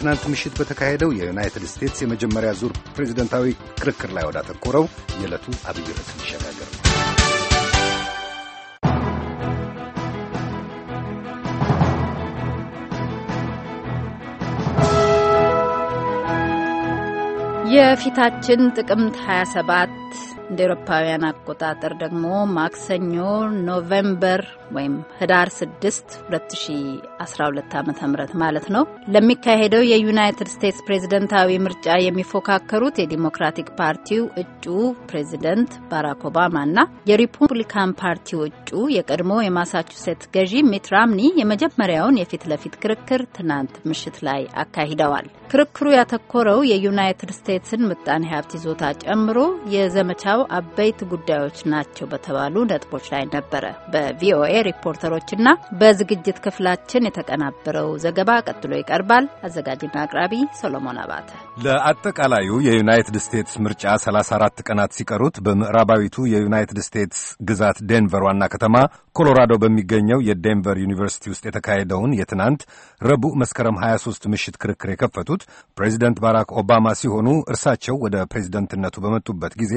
ትናንት ምሽት በተካሄደው የዩናይትድ ስቴትስ የመጀመሪያ ዙር ፕሬዚደንታዊ ክርክር ላይ ወዳተኮረው የዕለቱ አብይ ርዕስ ነው። የፊታችን ጥቅምት 27 እንደ ኤሮፓውያን አቆጣጠር ደግሞ ማክሰኞ ኖቬምበር ወይም ህዳር 6 2012 ዓ ም ማለት ነው ለሚካሄደው የዩናይትድ ስቴትስ ፕሬዝደንታዊ ምርጫ የሚፎካከሩት የዲሞክራቲክ ፓርቲው እጩ ፕሬዝደንት ባራክ ኦባማ እና የሪፑብሊካን ፓርቲው እጩ የቀድሞ የማሳቹሴት ገዢ ሚት ራምኒ የመጀመሪያውን የፊት ለፊት ክርክር ትናንት ምሽት ላይ አካሂደዋል። ክርክሩ ያተኮረው የዩናይትድ ስቴትስን ምጣኔ ሀብት ይዞታ ጨምሮ የዘመቻው አበይት ጉዳዮች ናቸው በተባሉ ነጥቦች ላይ ነበረ። በቪኦኤ ሪፖርተሮችና በዝግጅት ክፍላችን የተቀናበረው ዘገባ ቀጥሎ ይቀርባል። አዘጋጅና አቅራቢ ሰሎሞን አባተ። ለአጠቃላዩ የዩናይትድ ስቴትስ ምርጫ 34 ቀናት ሲቀሩት በምዕራባዊቱ የዩናይትድ ስቴትስ ግዛት ዴንቨር ዋና ከተማ ኮሎራዶ በሚገኘው የዴንቨር ዩኒቨርሲቲ ውስጥ የተካሄደውን የትናንት ረቡዕ መስከረም 23 ምሽት ክርክር የከፈቱት የመረጡት ፕሬዚደንት ባራክ ኦባማ ሲሆኑ እርሳቸው ወደ ፕሬዚደንትነቱ በመጡበት ጊዜ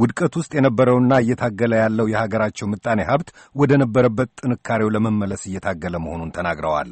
ውድቀት ውስጥ የነበረውና እየታገለ ያለው የሀገራቸው ምጣኔ ሀብት ወደ ነበረበት ጥንካሬው ለመመለስ እየታገለ መሆኑን ተናግረዋል።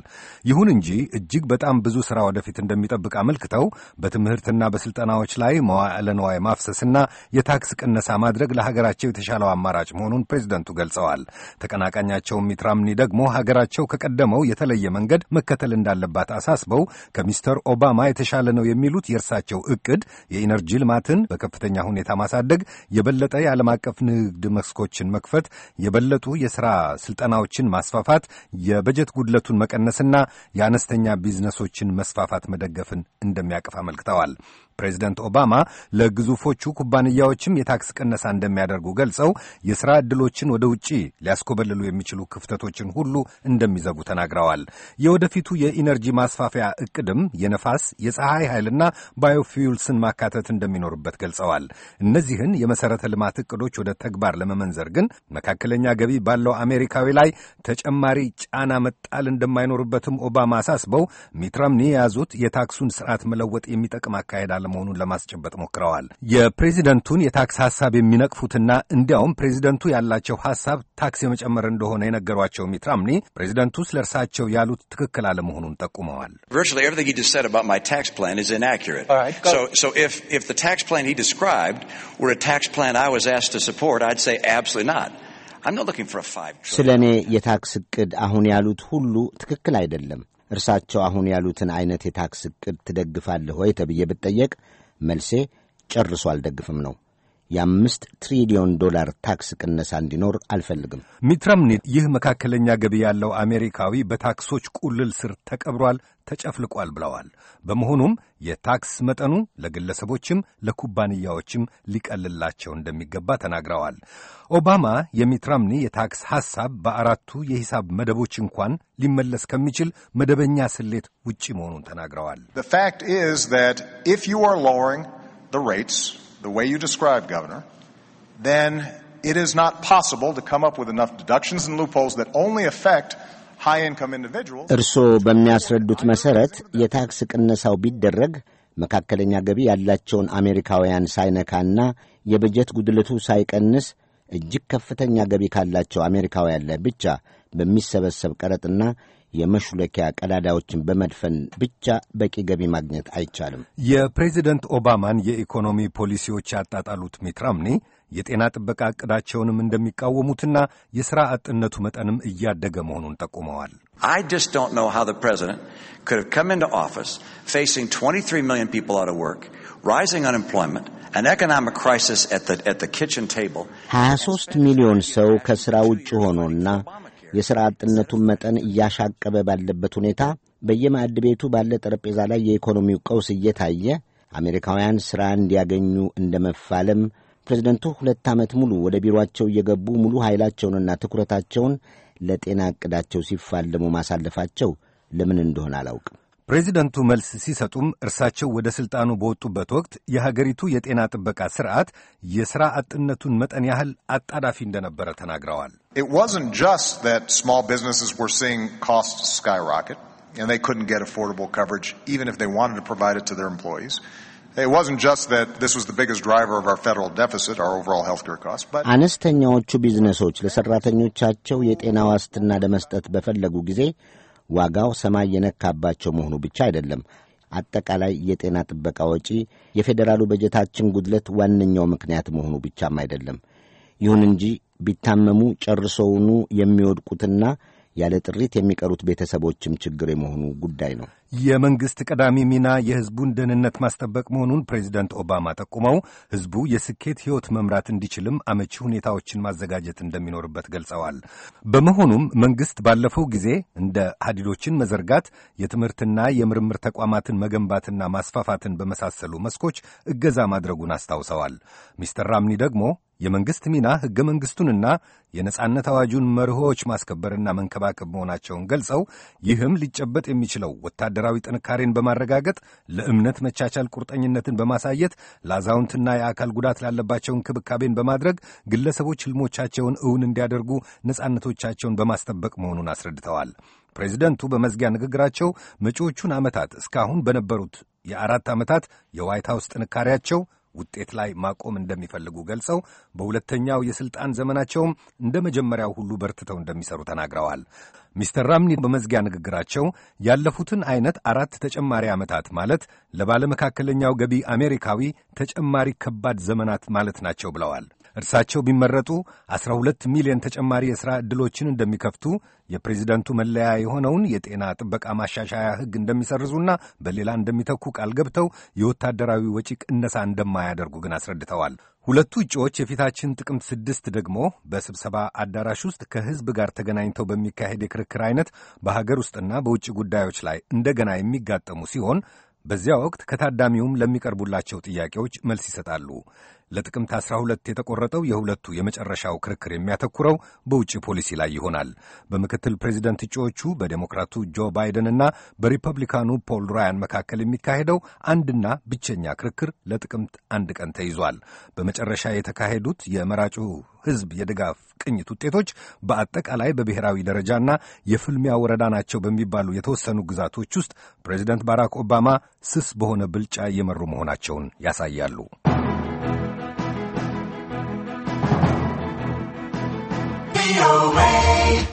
ይሁን እንጂ እጅግ በጣም ብዙ ሥራ ወደፊት እንደሚጠብቅ አመልክተው በትምህርትና በሥልጠናዎች ላይ መዋዕለ ንዋይ ማፍሰስና የታክስ ቅነሳ ማድረግ ለሀገራቸው የተሻለው አማራጭ መሆኑን ፕሬዚደንቱ ገልጸዋል። ተቀናቃኛቸው ሚት ደግሞ ሀገራቸው ከቀደመው የተለየ መንገድ መከተል እንዳለባት አሳስበው ከሚስተር ኦባማ የተሻለ ነው የሚሉት የእርሳቸው እቅድ የኢነርጂ ልማትን በከፍተኛ ሁኔታ ማሳደግ፣ የበለጠ የዓለም አቀፍ ንግድ መስኮችን መክፈት፣ የበለጡ የሥራ ሥልጠናዎችን ማስፋፋት፣ የበጀት ጉድለቱን መቀነስና የአነስተኛ ቢዝነሶችን መስፋፋት መደገፍን እንደሚያቅፍ አመልክተዋል። ፕሬዚደንት ኦባማ ለግዙፎቹ ኩባንያዎችም የታክስ ቅነሳ እንደሚያደርጉ ገልጸው የሥራ ዕድሎችን ወደ ውጪ ሊያስኮበልሉ የሚችሉ ክፍተቶችን ሁሉ እንደሚዘጉ ተናግረዋል። የወደፊቱ የኢነርጂ ማስፋፊያ ዕቅድም የነፋስ የፀሐይ ኃይልና ባዮፊውልስን ማካተት እንደሚኖርበት ገልጸዋል። እነዚህን የመሠረተ ልማት ዕቅዶች ወደ ተግባር ለመመንዘር ግን መካከለኛ ገቢ ባለው አሜሪካዊ ላይ ተጨማሪ ጫና መጣል እንደማይኖርበትም ኦባማ አሳስበው ሚትራምኒ የያዙት የታክሱን ስርዓት መለወጥ የሚጠቅም አካሄድ መሆኑን ለማስጨበጥ ሞክረዋል። የፕሬዚደንቱን የታክስ ሀሳብ የሚነቅፉትና እንዲያውም ፕሬዚደንቱ ያላቸው ሀሳብ ታክስ የመጨመር እንደሆነ የነገሯቸው ሚት ራምኒ ፕሬዚደንቱ ስለ እርሳቸው ያሉት ትክክል አለመሆኑን ጠቁመዋል። ስለ እኔ የታክስ እቅድ አሁን ያሉት ሁሉ ትክክል አይደለም እርሳቸው አሁን ያሉትን አይነት የታክስ ዕቅድ ትደግፋለህ ወይ ተብዬ ብጠየቅ መልሴ ጨርሶ አልደግፍም ነው። የአምስት ትሪሊዮን ዶላር ታክስ ቅነሳ እንዲኖር አልፈልግም። ሚትራምኒት ይህ መካከለኛ ገቢ ያለው አሜሪካዊ በታክሶች ቁልል ስር ተቀብሯል፣ ተጨፍልቋል ብለዋል። በመሆኑም የታክስ መጠኑ ለግለሰቦችም ለኩባንያዎችም ሊቀልላቸው እንደሚገባ ተናግረዋል። ኦባማ የሚትራምኒ የታክስ ሐሳብ በአራቱ የሂሳብ መደቦች እንኳን ሊመለስ ከሚችል መደበኛ ስሌት ውጪ መሆኑን ተናግረዋል። the way you describe, Governor, then it is not possible to come up with enough deductions and loopholes that only affect high-income individuals. እርስዎ በሚያስረዱት መሰረት የታክስ ቅነሳው ቢደረግ መካከለኛ ገቢ ያላቸውን አሜሪካውያን ሳይነካና የበጀት ጉድለቱ ሳይቀንስ እጅግ ከፍተኛ ገቢ ካላቸው አሜሪካውያን ላይ ብቻ በሚሰበሰብ ቀረጥና የመሹለኪያ ቀዳዳዎችን በመድፈን ብቻ በቂ ገቢ ማግኘት አይቻልም። የፕሬዚደንት ኦባማን የኢኮኖሚ ፖሊሲዎች ያጣጣሉት ሚትራምኒ የጤና ጥበቃ ዕቅዳቸውንም እንደሚቃወሙትና የሥራ አጥነቱ መጠንም እያደገ መሆኑን ጠቁመዋል። ሀያ ሦስት ሚሊዮን ሰው ከሥራ ውጭ ሆኖና የሥራ አጥነቱን መጠን እያሻቀበ ባለበት ሁኔታ በየማዕድ ቤቱ ባለ ጠረጴዛ ላይ የኢኮኖሚው ቀውስ እየታየ አሜሪካውያን ሥራ እንዲያገኙ እንደ መፋለም ፕሬዚደንቱ ሁለት ዓመት ሙሉ ወደ ቢሮአቸው እየገቡ ሙሉ ኃይላቸውንና ትኩረታቸውን ለጤና ዕቅዳቸው ሲፋለሙ ማሳለፋቸው ለምን እንደሆነ አላውቅም። ፕሬዚደንቱ መልስ ሲሰጡም እርሳቸው ወደ ሥልጣኑ በወጡበት ወቅት የሀገሪቱ የጤና ጥበቃ ሥርዓት የሥራ አጥነቱን መጠን ያህል አጣዳፊ እንደነበረ ተናግረዋል። አነስተኛዎቹ ቢዝነሶች ለሠራተኞቻቸው የጤና ዋስትና ለመስጠት በፈለጉ ጊዜ ዋጋው ሰማይ የነካባቸው መሆኑ ብቻ አይደለም። አጠቃላይ የጤና ጥበቃ ወጪ የፌዴራሉ በጀታችን ጉድለት ዋነኛው ምክንያት መሆኑ ብቻም አይደለም። ይሁን እንጂ ቢታመሙ ጨርሶውኑ የሚወድቁትና ያለ ጥሪት የሚቀሩት ቤተሰቦችም ችግር የመሆኑ ጉዳይ ነው። የመንግሥት ቀዳሚ ሚና የሕዝቡን ደህንነት ማስጠበቅ መሆኑን ፕሬዚደንት ኦባማ ጠቁመው ሕዝቡ የስኬት ሕይወት መምራት እንዲችልም አመቺ ሁኔታዎችን ማዘጋጀት እንደሚኖርበት ገልጸዋል። በመሆኑም መንግሥት ባለፈው ጊዜ እንደ ሀዲዶችን መዘርጋት፣ የትምህርትና የምርምር ተቋማትን መገንባትና ማስፋፋትን በመሳሰሉ መስኮች እገዛ ማድረጉን አስታውሰዋል። ሚስተር ራምኒ ደግሞ የመንግሥት ሚና ሕገ መንግሥቱንና የነጻነት አዋጁን መርሆች ማስከበርና መንከባከብ መሆናቸውን ገልጸው ይህም ሊጨበጥ የሚችለው ወታደራዊ ጥንካሬን በማረጋገጥ ለእምነት መቻቻል ቁርጠኝነትን በማሳየት ለአዛውንትና የአካል ጉዳት ላለባቸው እንክብካቤን በማድረግ ግለሰቦች ሕልሞቻቸውን እውን እንዲያደርጉ ነጻነቶቻቸውን በማስጠበቅ መሆኑን አስረድተዋል። ፕሬዚደንቱ በመዝጊያ ንግግራቸው መጪዎቹን ዓመታት እስካሁን በነበሩት የአራት ዓመታት የዋይት ሐውስ ጥንካሬያቸው ውጤት ላይ ማቆም እንደሚፈልጉ ገልጸው በሁለተኛው የስልጣን ዘመናቸውም እንደ መጀመሪያው ሁሉ በርትተው እንደሚሰሩ ተናግረዋል። ሚስተር ራምኒ በመዝጊያ ንግግራቸው ያለፉትን አይነት አራት ተጨማሪ ዓመታት ማለት ለባለመካከለኛው ገቢ አሜሪካዊ ተጨማሪ ከባድ ዘመናት ማለት ናቸው ብለዋል። እርሳቸው ቢመረጡ 12 ሚሊዮን ተጨማሪ የሥራ ዕድሎችን እንደሚከፍቱ የፕሬዚደንቱ መለያ የሆነውን የጤና ጥበቃ ማሻሻያ ሕግ እንደሚሰርዙና በሌላ እንደሚተኩ ቃል ገብተው የወታደራዊ ወጪ ቅነሳ እንደማያደርጉ ግን አስረድተዋል። ሁለቱ እጩዎች የፊታችን ጥቅምት ስድስት ደግሞ በስብሰባ አዳራሽ ውስጥ ከሕዝብ ጋር ተገናኝተው በሚካሄድ የክርክር አይነት በሀገር ውስጥና በውጭ ጉዳዮች ላይ እንደገና የሚጋጠሙ ሲሆን በዚያ ወቅት ከታዳሚውም ለሚቀርቡላቸው ጥያቄዎች መልስ ይሰጣሉ። ለጥቅምት 12 የተቆረጠው የሁለቱ የመጨረሻው ክርክር የሚያተኩረው በውጭ ፖሊሲ ላይ ይሆናል። በምክትል ፕሬዚደንት እጩዎቹ በዴሞክራቱ ጆ እና በሪፐብሊካኑ ፖል ራያን መካከል የሚካሄደው አንድና ብቸኛ ክርክር ለጥቅምት አንድ ቀን ተይዟል። በመጨረሻ የተካሄዱት የመራጩ ሕዝብ የድጋፍ ቅኝት ውጤቶች በአጠቃላይ በብሔራዊ ደረጃና የፍልሚያ ወረዳ ናቸው በሚባሉ የተወሰኑ ግዛቶች ውስጥ ፕሬዚደንት ባራክ ኦባማ ስስ በሆነ ብልጫ እየመሩ መሆናቸውን ያሳያሉ። VOA.